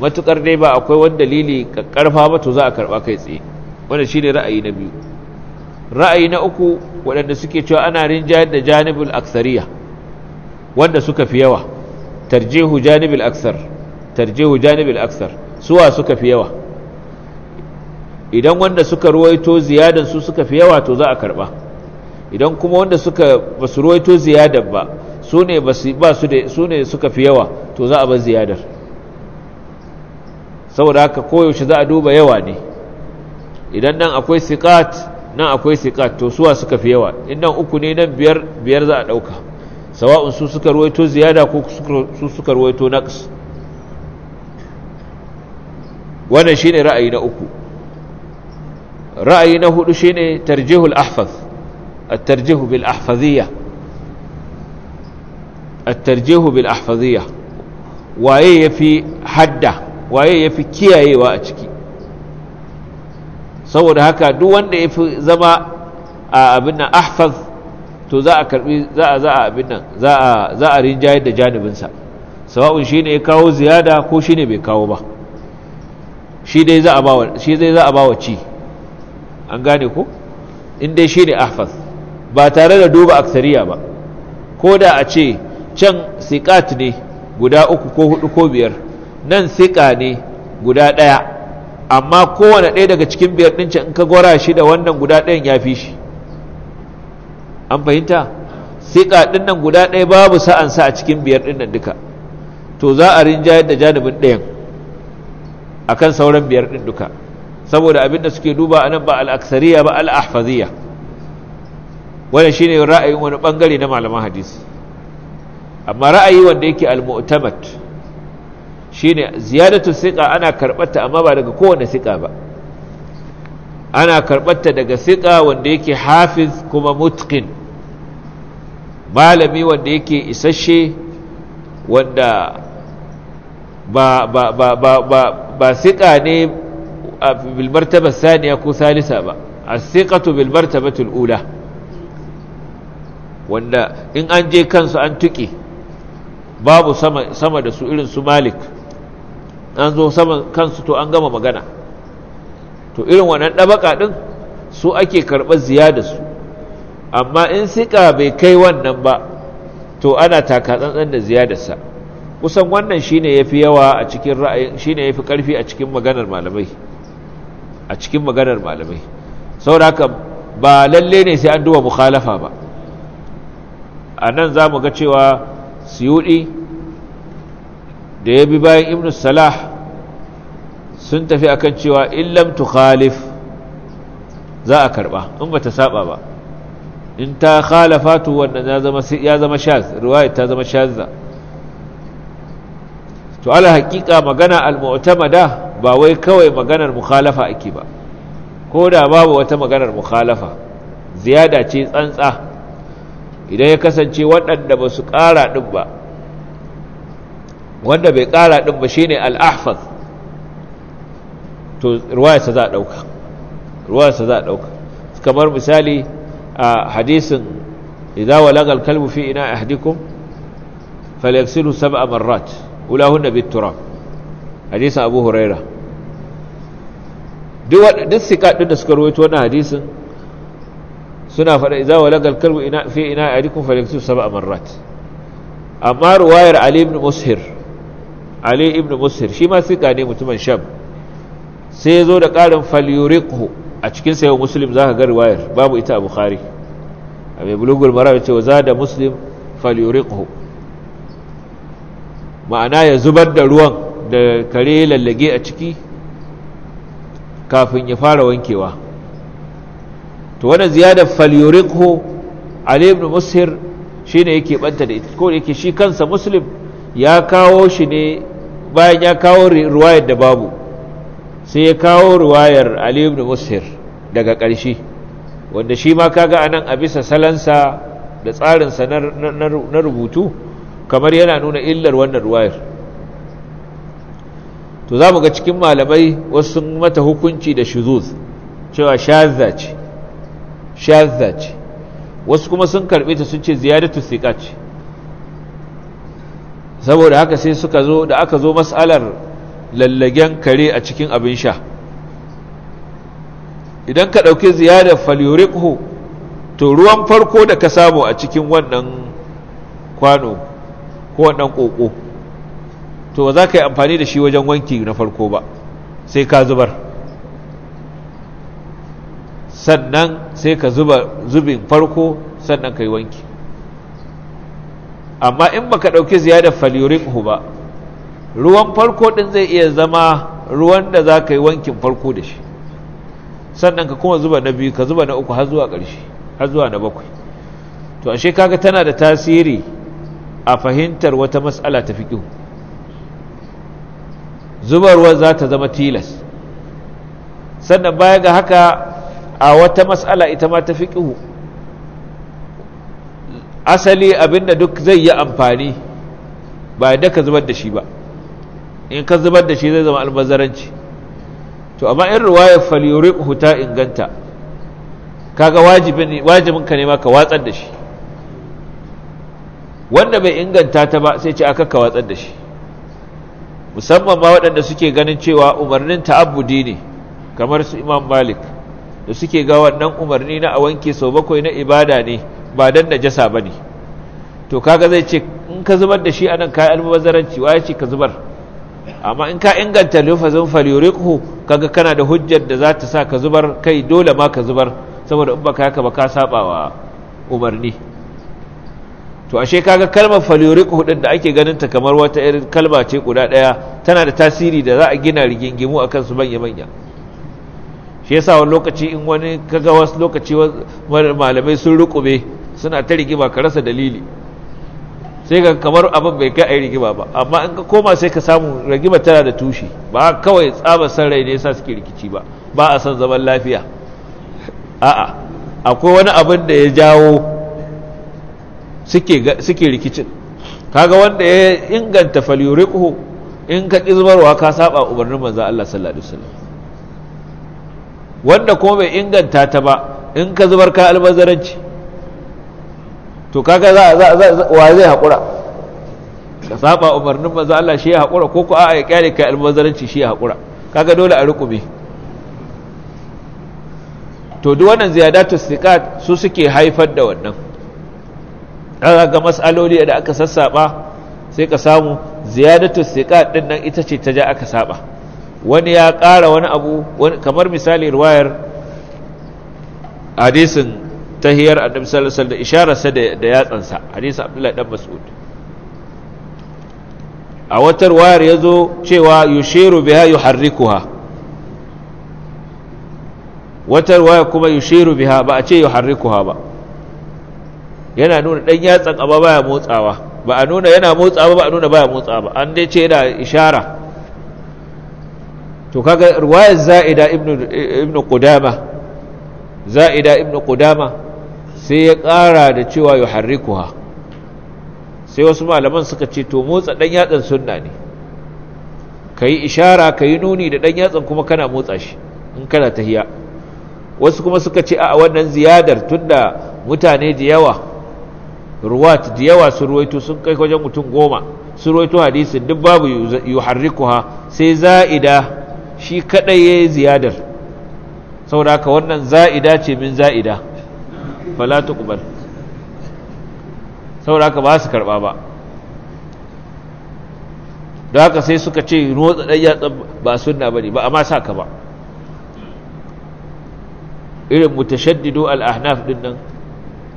matuƙar dai ba akwai wani dalili karfa ba to za a karɓa kai tsaye wanda shi ne ra'ayi na biyu ra'ayi na uku waɗanda suke cewa ana rinjayar da janibul aksariya wanda suka fi yawa tarjihu janibil aksar tarjihu janibil aksar suwa suka fi yawa idan wanda suka ruwaito ziyadan su suka fi yawa to za a karba idan kuma wanda suka basu ruwaito ziyadan ba su ne ba su da su ne suka fi yawa to za a bar ziyadar saboda haka koyaushe za a duba yawa ne idan nan akwai siqat nan akwai siqat to suwa suka fi yawa in nan uku ne nan biyar biyar za a dauka sawa'un su suka ruwaito ziyada ko su suka ruwaito naqs wannan shine ra'ayi na uku ra'ayi na hudu shine tarjihul ahfaz at-tarjih bil ahfaziyya at-tarjih bil ahfaziyya waye yafi hadda waye yafi kiyayewa a ciki saboda haka duk wanda yafi zama a abin nan ahfaz to za a karbi za a za a abin nan za a za a rinjaye da janibinsa sawa'un shine ya kawo ziyada ko shine bai kawo ba shi dai za a ba shi dai za a bawa ci an gane ko in dai shine ahfaz ba tare da duba aksariya ba ko da a ce can siqat ne guda uku ko hudu ko biyar nan siqa ne guda daya amma kowane ɗaya daga cikin biyar ɗin can in ka gwara shi da wannan guda ɗayan ya fi shi an fahimta siƙa ɗinnan nan guda ɗaya babu sa'an sa'ansa a cikin biyar ɗin duka to za a rinjayar da janibin ɗayan a kan sauran biyar ɗin duka saboda abin da suke duba a nan ba al'aksariya ba al'ahfaziya wannan shi ne ra'ayin wani bangare na malaman hadisi amma ra'ayi wanda yake al-mu'tamad shine ziyadatu siƙa ana karɓarta amma ba daga kowane siƙa ba ana karɓarta daga siƙa wanda yake hafiz kuma mutkin malami wanda yake isasshe wanda ba ba ba ba ba ba siƙa ne a bilmartabar saniya ko salisa ba a siƙatu bilmartabatul ula wanda in an je kansu an tuƙe babu sama, sama da su irin su malik an zo sama kansu to an gama magana to irin wannan ɗabaka ɗin su ake karɓar ziyada su amma in siƙa bai kai wannan ba to ana taka tsantsan da ziyadarsa kusan wannan shine yafi yawa a cikin ra'ayin shine yafi karfi a cikin maganar malamai a cikin maganar malamai saboda haka ba lalle ne sai an duba mukhalafa ba a nan za mu ga cewa siyudi da ya bi bayan ibn salah sun tafi akan cewa illam khalif za a karba in ta saba ba in ta khalafa to wannan ya zama ya shaz ta zama shazza to ala haqiqa magana al-mu'tamada ba wai kawai maganar mukhalafa ake ba ko da babu wata maganar mukhalafa ziyada ce tsantsa idan ya kasance waɗanda ba su ƙara ɗin ba wanda bai ƙara ɗin ba shine al-ahfaz to ruwayarsa za a ɗauka ruwayarsa za a ɗauka kamar misali a hadisin idza walaga al-kalbu fi ina ahdikum falyaghsilu sab'a marrat ulahunna bit-turab hadisin abu huraira duk duk sikadin da suka rawaito wannan hadisin suna faɗa idza walaga al-kalbu ina fi ina ahdikum falyaghsilu sab'a marrat amma ruwayar ali ibn mushir ali ibn mushir shi ma sika ne mutumin sham sai ya zo da ƙarin falyuriqhu a cikin sayo muslim za ka ga riwayar babu ita a bukhari a mai bulugul maram cewa za da muslim falyuriqhu ma'ana ya zubar da ruwan da kare lallage a ciki kafin ya fara wankewa to wani ziyadar falyuriqhu ali ibn shi shine yake banta da ita ko yake shi kansa muslim ya kawo shi ne bayan ya kawo riwayar da babu sai ya kawo ruwayar Ali ibn Musir daga ƙarshe wanda shi ma kaga anan a bisa salansa da tsarinsa na rubutu kamar yana nuna illar wannan ruwayar to za mu ga cikin malamai wasu mata hukunci da shuzuz cewa shazza ce shazza ce wasu kuma sun karbe ta sun ce ziyadatu siqa saboda haka sai suka zo da aka zo mas'alar lallagen kare a cikin abin sha idan ka ɗauki ziyarar falyurikhu to ruwan farko da ka samu a cikin wannan kwano ko wannan ƙoƙo to ba za ka yi amfani da shi wajen wanki na farko ba sai ka zubar sannan sai ka zuba zubin farko sannan ka yi wanki amma in baka ɗauki ziyarar falyurikhu ba ruwan farko ɗin zai iya zama ruwan da za ka yi wankin farko da shi sannan ka kuma zuba na biyu ka zuba na uku har zuwa ƙarshe har zuwa na bakwai to ashe kaga tana da tasiri a fahimtar wata matsala ta zuba ruwan za ta zama tilas sannan baya ga haka a wata matsala ita ma ta fiƙi asali abinda duk zai yi amfani ba da ka zubar da shi ba in ka zubar da shi zai zama albazaranci to amma in ruwayar falyurik huta inganta kaga wajibin wajibin ka ne ka watsar da shi wanda bai inganta ta ba sai ce aka ka watsar da shi musamman ma waɗanda suke ganin cewa umarnin ta'abbudi ne kamar su Imam Malik da suke ga wannan umarni na a wanke sau bakwai na ibada ne ba dan ba ne. to kaga zai ce in ka zubar da shi anan kai almubazzaranci waye ce ka zubar amma in ka inganta lafazin falyurikhu kaga kana da hujjar da za ta sa ka zubar kai dole ma ka zubar saboda in baka haka ba ka saba wa umarni to ashe kaga kalmar falyurikhu din da ake ganin ta kamar wata irin kalma ce guda daya tana da tasiri da za a gina rigingimu akan su manya manya shi yasa wani lokaci in wani kaga wasu lokaci malamai sun rukube suna ta rigima ka rasa dalili sai ga kamar abin bai kai a yi rigima ba amma in ka koma sai ka samu rigima tana da tushe ba kawai tsaba san rai ne sa suke rikici ba ba a san zaman lafiya a'a akwai wani abin da ya jawo suke rikicin kaga wanda ya inganta falyuriqhu in ka kizbarwa ka saba umarnin manzo Allah sallallahu alaihi wasallam wanda kuma bai inganta ta ba in ka zubar ka albazaranci to kaga za wa zai haƙura ka saba umarnin manzo Allah shi ya haƙura ko ko a ya kyale kai almubazzaranci shi ya haƙura kaga dole a rukume to duk wannan ziyadatu sikat su suke haifar da wannan kaga ga masaloli da aka sassaba sai ka samu ziyadatu sikat din nan ita ce ta ja aka saba wani ya ƙara wani abu kamar misali ruwayar hadisin tahiyar annabi sallallahu alaihi wasallam da ishararsa da yatsansa hadisi abdullahi dan mas'ud a watar wayar yazo cewa yushiru biha yuharrikuha watar waya kuma yushiru biha ba a ce yuharrikuha ba yana nuna dan yatsan amma baya motsawa ba a nuna yana motsawa ba a nuna baya motsawa ba an dai ce yana ishara to kaga ruwayar za'ida ibnu ibnu qudama za'ida ibnu qudama sai ya ƙara da cewa yuharrikuha sai wasu malaman suka ce to motsa ɗan yatsan suna ne ka yi ishara ka yi nuni da ɗan yatsan kuma kana motsa shi in kana ta tahiya wasu kuma suka ce a wannan ziyadar tun da mutane da yawa ruwat da yawa sun ruwaito sun kai wajen mutum goma sun ruwaito hadisin duk babu yuharrikuha sai za'ida shi kadai yi ziyadar saboda haka wannan za'ida ce min za'ida fala tuqbal saboda haka ba su karba ba da haka sai suka ce rotsa ɗan yatsa ba sunna bane ba amma sa ka ba irin mutashaddidu al-ahnaf din nan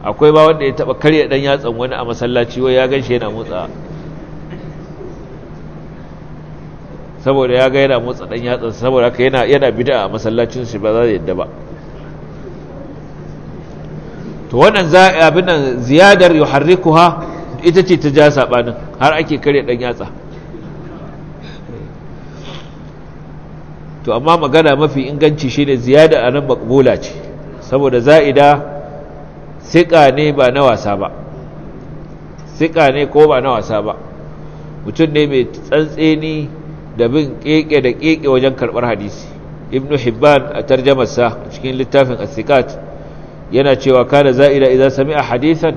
akwai ba wanda ya taba karya dan yatsan wani a masallaci wai ya ganshi yana motsa saboda ya ga yana motsa dan yatsan saboda haka yana yana bid'a a masallacin shi ba za ya yadda ba to wannan abin nan ziyadar yuharrikuha ita ce ta ja sabanin har ake kare ɗan yatsa to amma magana mafi inganci shine ziyada a anan makbula ce saboda za'ida sika ne ba na wasa ba sika ne ko ba na wasa ba mutum ne mai tsantseni da bin keke da keke wajen karbar hadisi ibnu hibban a tarjamarsa cikin littafin as yana cewa kana za'ida idza sami'a hadithan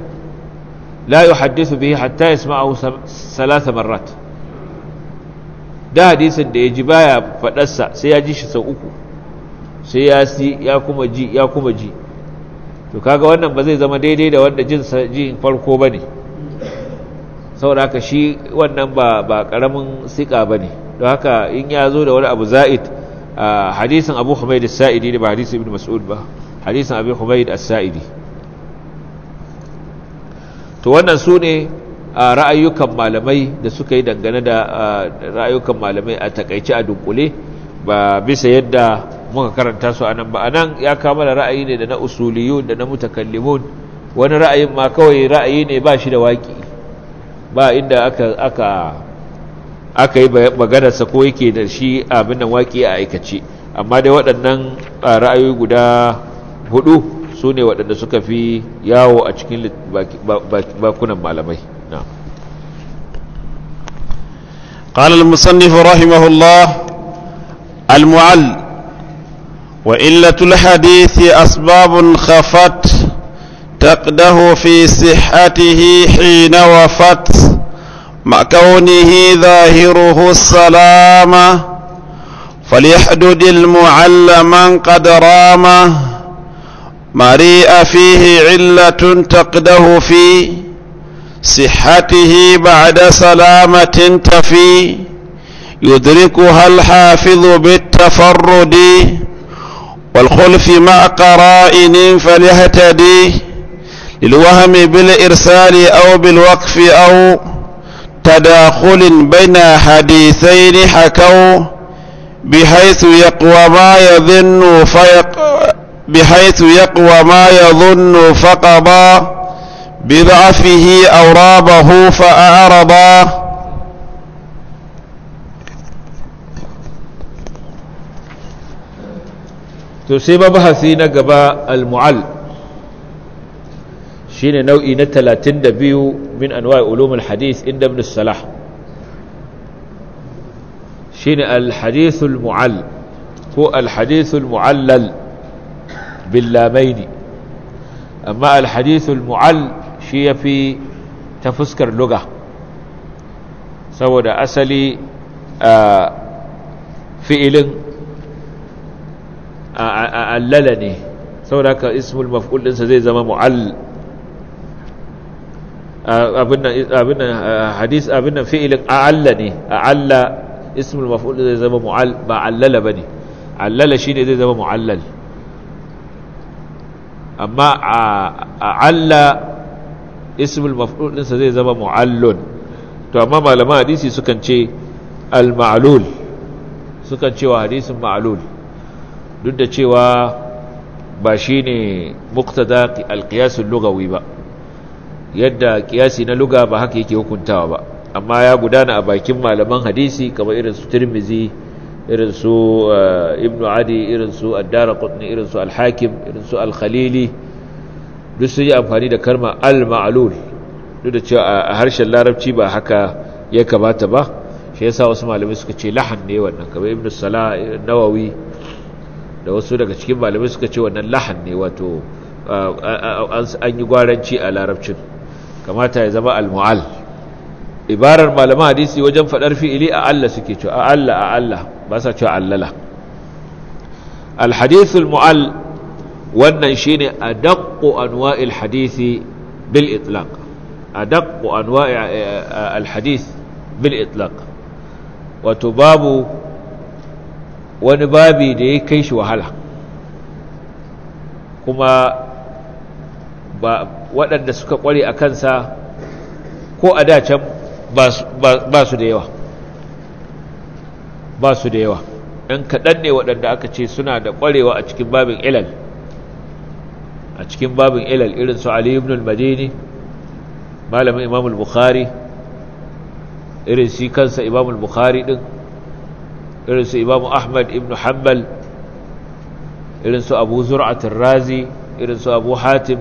la yuhaddithu bihi hatta yasma'ahu salasa marrat da hadisin da ya ji baya fadarsa sai ya ji shi sau uku sai ya si ya kuma ji ya kuma ji to kaga wannan ba zai zama daidai da wanda jin sa ji farko bane saboda haka shi wannan ba ba karamin sika bane don haka in ya zo da wani abu za'id hadisin Abu Humayd as-Sa'idi da ba hadisin Ibn Mas'ud ba hadisin abi humaid al saidi to wannan su ne a ra'ayyukan malamai da suka yi dangane da ra'ayyukan malamai a takaici a dunkule ba bisa yadda muka karanta su anan ba anan ya kama da ra'ayi ne da na usuliyu da na mutakallimun wani ra'ayin ma kawai ra'ayi ne ba shi da waƙi ba inda aka yi maganarsa ko yake da shi abin nan waƙi a aikace amma dai waɗannan ra'ayoyi guda hudu su ne waɗanda suka fi yawo a cikin bakunan malamai قال المصنف رحمه الله المعل وإلة الحديث أسباب خفت تقده في صحته حين وفت مع كونه ظاهره السلامة فليحدد المعل من قد رامه مريء فيه علة تقده في صحته بعد سلامة تفي يدركها الحافظ بالتفرد والخلف مع قرائن فليهتدي للوهم بالإرسال أو بالوقف أو تداخل بين حديثين حكوا بحيث يقوى ما يظن فيق بحيث يقوى ما يظن فقضى بضعفه أو رابه فأعرضا تسيب بحثين قباء المعل شين نوئي نتلاتين دبيو من أنواع علوم الحديث عند ابن السلاح شين الحديث المعل هو الحديث المعلل billamaini amma alhadithul mu'al shi ya fi ta fuskar luga saboda asali fi'ilin allala ne saboda ka ismul ɗinsa zai zama mu'al hadis abin nan fi'ilin a'alla ne a'alla ismul maf'ul zai zama mu'al ba allala bane allala zai zama mu'allal amma a alla ismul maf'ul ɗinsa zai zama mu'allun to amma malaman hadisi sukan ce al-ma'lul sukan cewa hadisin ma'lul duk da cewa ba shine ne al-qiyas al ba yadda kiyasi na luga ba haka yake hukuntawa ba amma ya gudana a bakin malaman hadisi kamar irin su Tirmizi irin su eh, ibnu adi irin su ad-darqutni irin su al-hakim irin su al-khalili duk sun yi amfani da kalma al maalul duk da cewa a harshen larabci ba haka ya kamata ba shi yasa wasu malamai suka ce lahan ne wannan kamar ibnu salah nawawi da wasu daga cikin malamai suka ce wannan lahan ne wato eh, an yi gwaranci a larabcin kamata ya zama al-mu'al ibarar malaman hadisi wajen faɗar fi'ili a Allah suke cewa a Allah a Allah ba sa cewa allala alhadithul mu'al wannan shine adaqqu anwa'il hadisi bil itlaq adaqqu anwa'i eh, alhadith bil itlaq wato babu wani babi da ya kai shi wahala kuma ba waɗanda suka ƙware a kansa ko a da can. ba su da yawa ba su da yawa ɗan kaɗan ne waɗanda aka ce suna da ƙwarewa a cikin babin ilal a cikin babin ilal irin su ali ibn al-madini malamin imam al-bukhari irin shi kansa imam al-bukhari ɗin irin su imam ahmad ibn hanbal irin su abu zur'atin razi irin su abu hatim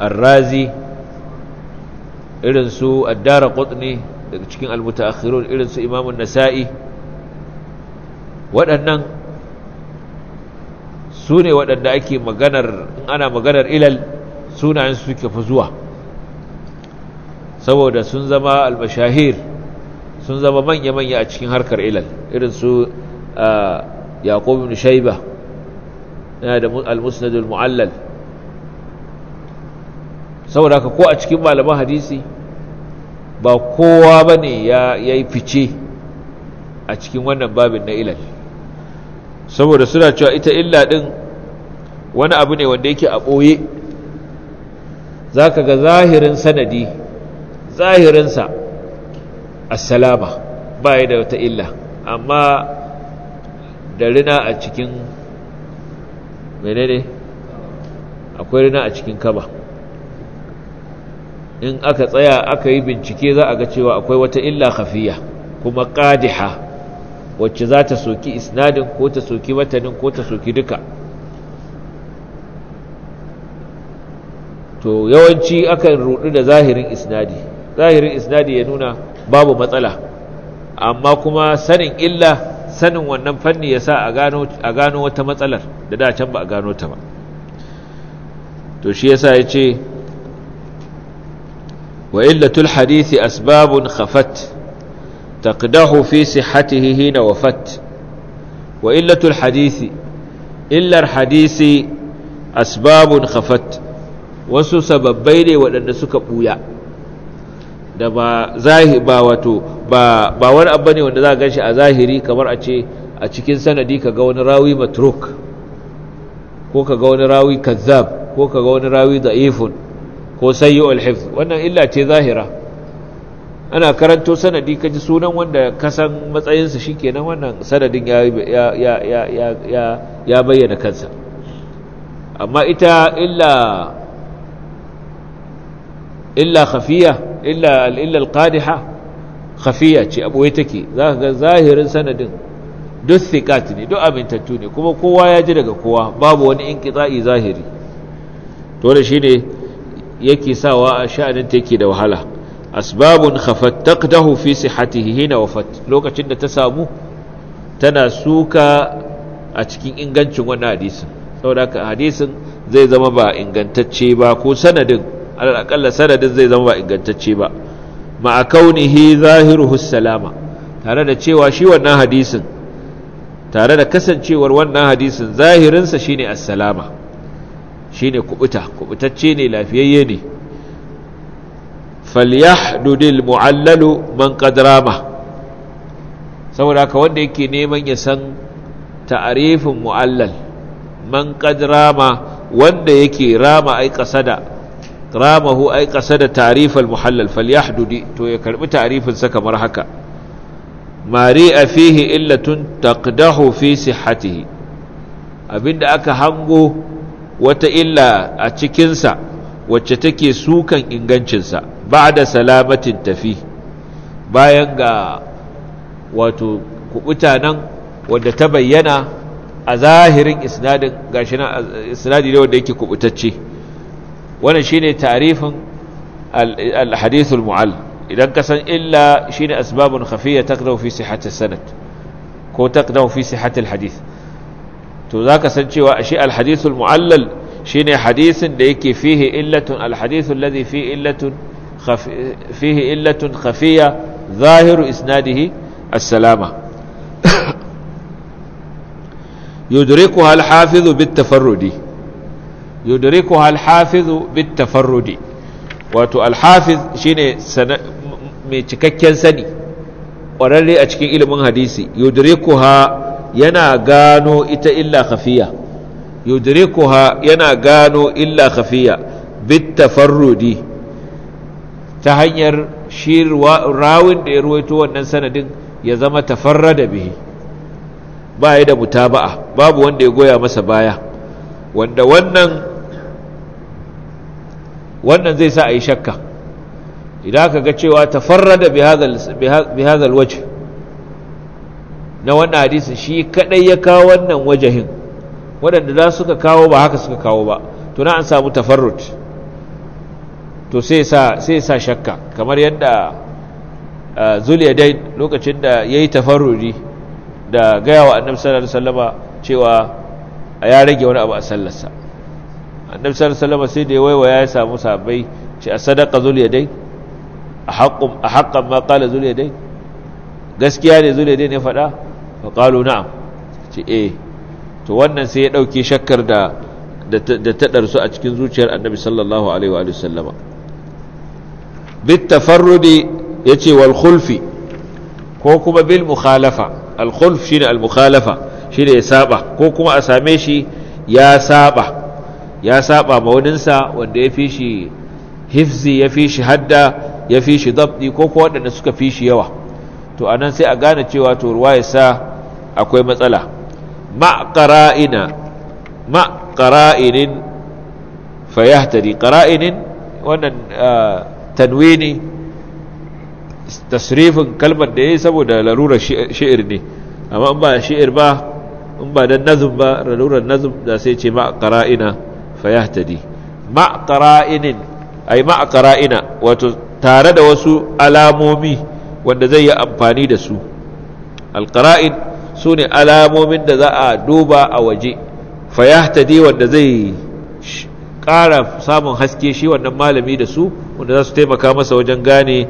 al-razi irin su addara qutni daga cikin almutaakhirun irin su imamun nasa'i waɗannan su ne waɗanda ake maganar ana maganar ilal sunayen su suke fi zuwa saboda sun zama albashahir, sun zama manya-manya a cikin harkar ilal irin su ah, yaqub ibn na da al-musnad muallal saboda haka ko a cikin malaman hadisi ba kowa ba ne ya yi fice a cikin wannan babin na ilal saboda suna cewa ita illa ɗin wani abu ne wanda yake a ɓoye za ka ga zahirin sanadi zahirinsa assalama ba da wata illa amma da rina a cikin menene akwai rina a cikin kaba in aka tsaya aka yi bincike za a ga cewa akwai wata illa khafiya kuma qadiha wacce za ta soki isnadin ko ta soki matanin ko ta soki duka to yawanci akan rudu da zahirin isnadi zahirin isnadi ya nuna babu matsala amma kuma sanin illa sanin wannan fanni ya sa a gano wata matsalar da da can ba a gano ta ba to shi ya sa ya ce وإلة الحديث أسباب خفت تقدح في صحته حين وفت وإلة الحديث إلا الحديث أسباب خفت wasu sababbai ne waɗanda suka ɓuya da ba zahi ba wato ba wani abu ne wanda za a ganshi a zahiri kamar a ce a cikin sanadi ka ga wani rawi matruk ko ka ga wani rawi kazzab ko ka ga wani rawi da'ifun ko sayyi'ul hifz wannan illa ce zahira ana karanto sanadi kaji sunan wanda kasan matsayinsa shikenan wannan sanadin ya bayyana kansa amma ita illa illa khafiya illa illa alqadiha khafiya ce aboye take zaka ga zahirin sanadin duk thiqat ne duk amintattu ne kuma kowa ya ji daga kowa babu wani za'i zahiri to da shine yake sawa a sha'anin ta yake da wahala asbabun khafattaq dahu fi sihatihi hina wafat lokacin da ta samu tana suka a cikin ingancin wannan hadisin saboda ka hadisin zai zama ba ingantacce ba ko sanadin alal sanadin zai zama ba ingantacce ba ma'a kaunihi zahiruhu salama tare da cewa shi wannan hadisin tare da kasancewar wannan hadisin zahirinsa shine as-salama shine kubuta kubutacce ne lafiyayye ne falyahdudil mu'allalu man qadrama saboda wanda yake neman ya san ta'arifin mu'allal man qadrama wanda yake rama ai kasada ramahu ai kasada ta'rifal muhallal falyahdudi to ya karbi ta'rifin sa kamar haka mari fihi illatun taqdahu fi sihhatihi abinda aka hango wata illa a cikinsa wacce take sukan ingancinsa ba da salamatin tafi bayan ga wato kubuta nan wadda ta bayyana a zahirin isnadin gashi na isnadi ne wanda yake kubutacce wannan shine tarifin al idan ka san illa shine asbabun khafiyya taqdaw fi sihhati sanad ko taqdaw fi sihhati al to za ka san cewa ashe alhadisul mu'allal shine hadisin da yake fihi illatun alhadithul ladhi fihi illatun fihi illatun khafiya zahiru isnadihi as-salama [COUGHS] yudrikuha al-hafiz bit-tafarrudi yudrikuha al-hafiz bit-tafarrudi wato al-hafiz shine mai cikakken sani ƙwararre a cikin ilimin hadisi yudrikuha yana gano ita illa khafiya yudrikuha yana gano illa khafiya ta hanyar shi rawin da ya ruwaito wannan sanadin ya zama tafarrada bihi ba ya da mutaba'a babu wanda ya goya masa baya wanda wannan wannan zai sa a yi shakka idan aka ga cewa tafarrada bi hadha na wannan hadisin shi kadai ya kawo wannan wajahin waɗanda za suka kawo ba haka suka kawo ba to na an samu tafarrut to sai sa sai sa shakka kamar yadda zuliyadai lokacin da yayi tafarruri da gaya wa annabi sallallahu alaihi wasallama cewa ya rage wani abu a sallarsa annabi sallallahu alaihi wasallama sai da ya waiwaya ya samu sabai ce a sadaka zuliyadai a haqqan ma qala zuliyadai gaskiya ne zuliyadai ya faɗa faƙalu na'am ce eh to wannan sai ya ɗauke shakkar da da ta ɗarsu a cikin zuciyar annabi sallallahu alaihi wa sallama bit tafarrudi ya ce wal ko kuma bil mukhalafa alhulf khulf shine al mukhalafa shine ya saba ko kuma a same shi ya saba ya saba ma waninsa wanda ya fi shi hifzi ya fi shi hadda ya fi shi dabdi ko ko waɗanda suka fi shi yawa to anan sai a gane cewa to ruwa ya sa akwai matsala ma'qara'ina ma'qara'inin fayahtadi qara'inin wannan ah, tanwini tasrifin kalmar da yayi saboda larurar shi'ir ne amma in ba shi'ir ba in ba dan nazm ba larurar nazm da sai ce ma'qara'ina fayahtadi ma'qara'inin ay ma'qara'ina wato tare da wasu alamomi wanda zai yi amfani da su alƙara'in. su ne alamomin da za a duba a waje fayahtadi wanda zai ƙara samun haske shi wannan malami da su wanda za su taimaka masa wajen gane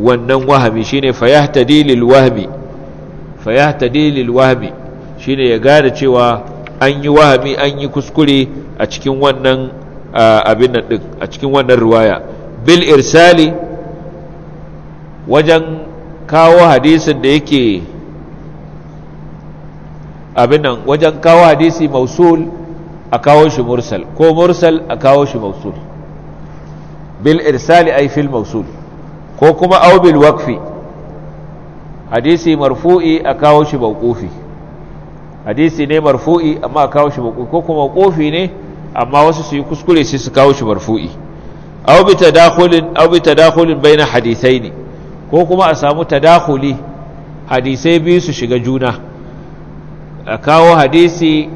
wannan wahami shine fayahtadi lil wahmi fayahtadi lil wahmi shine ya gane cewa an yi wahami an yi kuskure a cikin wannan abin nan din a cikin wannan riwaya bil irsali wajen kawo hadisin da yake abin nan wajen kawo hadisi mausul a kawo shi mursal ko mursal a kawo shi mausul bil irsali ay fil mausul ko kuma aw bil waqfi hadisi marfu'i a kawo shi mawqufi hadisi ne marfu'i amma a kawo shi mawqufi ko kuma mawqufi ne amma wasu su yi kuskure sai su kawo shi marfu'i aw bi tadakhulin aw bi tadakhulin baina hadithaini ko kuma a samu tadakhuli hadisai biyu su shiga juna a kawo hadisi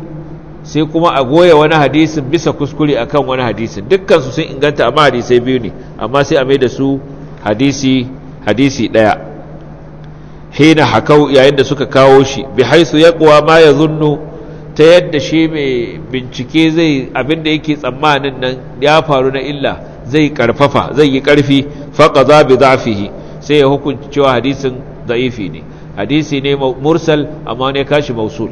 sai kuma a goya wani hadisin bisa kuskure akan wani hadisin dukkansu sun inganta amma hadisai biyu ne amma sai a da su hadisi hadisi ɗaya. hina hakau yayin da suka kawo shi bi haisu yaqwa ma yazunnu ta yadda shi mai bincike zai abinda yake tsammanin nan ya faru na illa zai karfafa zai yi karfi faqa za bi dhafihi sai ya hukunci cewa hadisin da'ifi ne hadisi ne mursal amma ne kashi mausul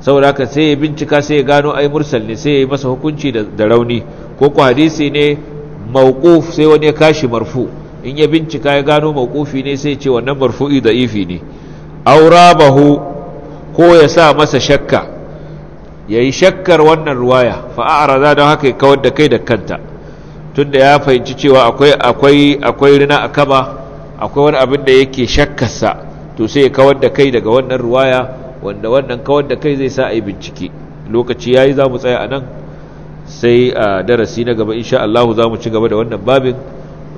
saboda haka sai ya bincika sai ya gano ai mursal ne sai ya yi masa hukunci da rauni ko ku hadisi ne mauquf sai wani ya kashi marfu in ya bincika ya gano mauqufi ne sai ya ce wannan marfu'i da ifi ne aurabahu ko ya sa masa shakka yayi shakkar wannan ruwaya fa a'rada don haka ya kawar da kai da kanta tunda ya fahimci cewa akwai akwai akwai rina akaba akwai wani abin da yake shakkarsa to sai ya kawar da kai daga wannan ruwaya wanda wannan kawar da kai zai sa a yi bincike lokaci ya yi za mu tsaya a nan sai a darasi na gaba insha Allah za mu ci gaba da wannan babin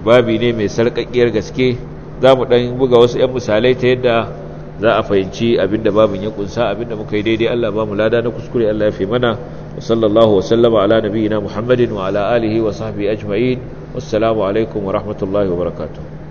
babi ne mai sarƙaƙiyar gaske za mu ɗan buga wasu 'yan misalai ta yadda za a fahimci abinda babin ya kunsa abinda muka yi daidai Allah ba mu lada na kuskure Allah ya fi mana wa sallallahu wa sallama ala nabiyina Muhammadin wa ala alihi wa sahbihi ajma'in wassalamu alaikum wa rahmatullahi wa barakatuh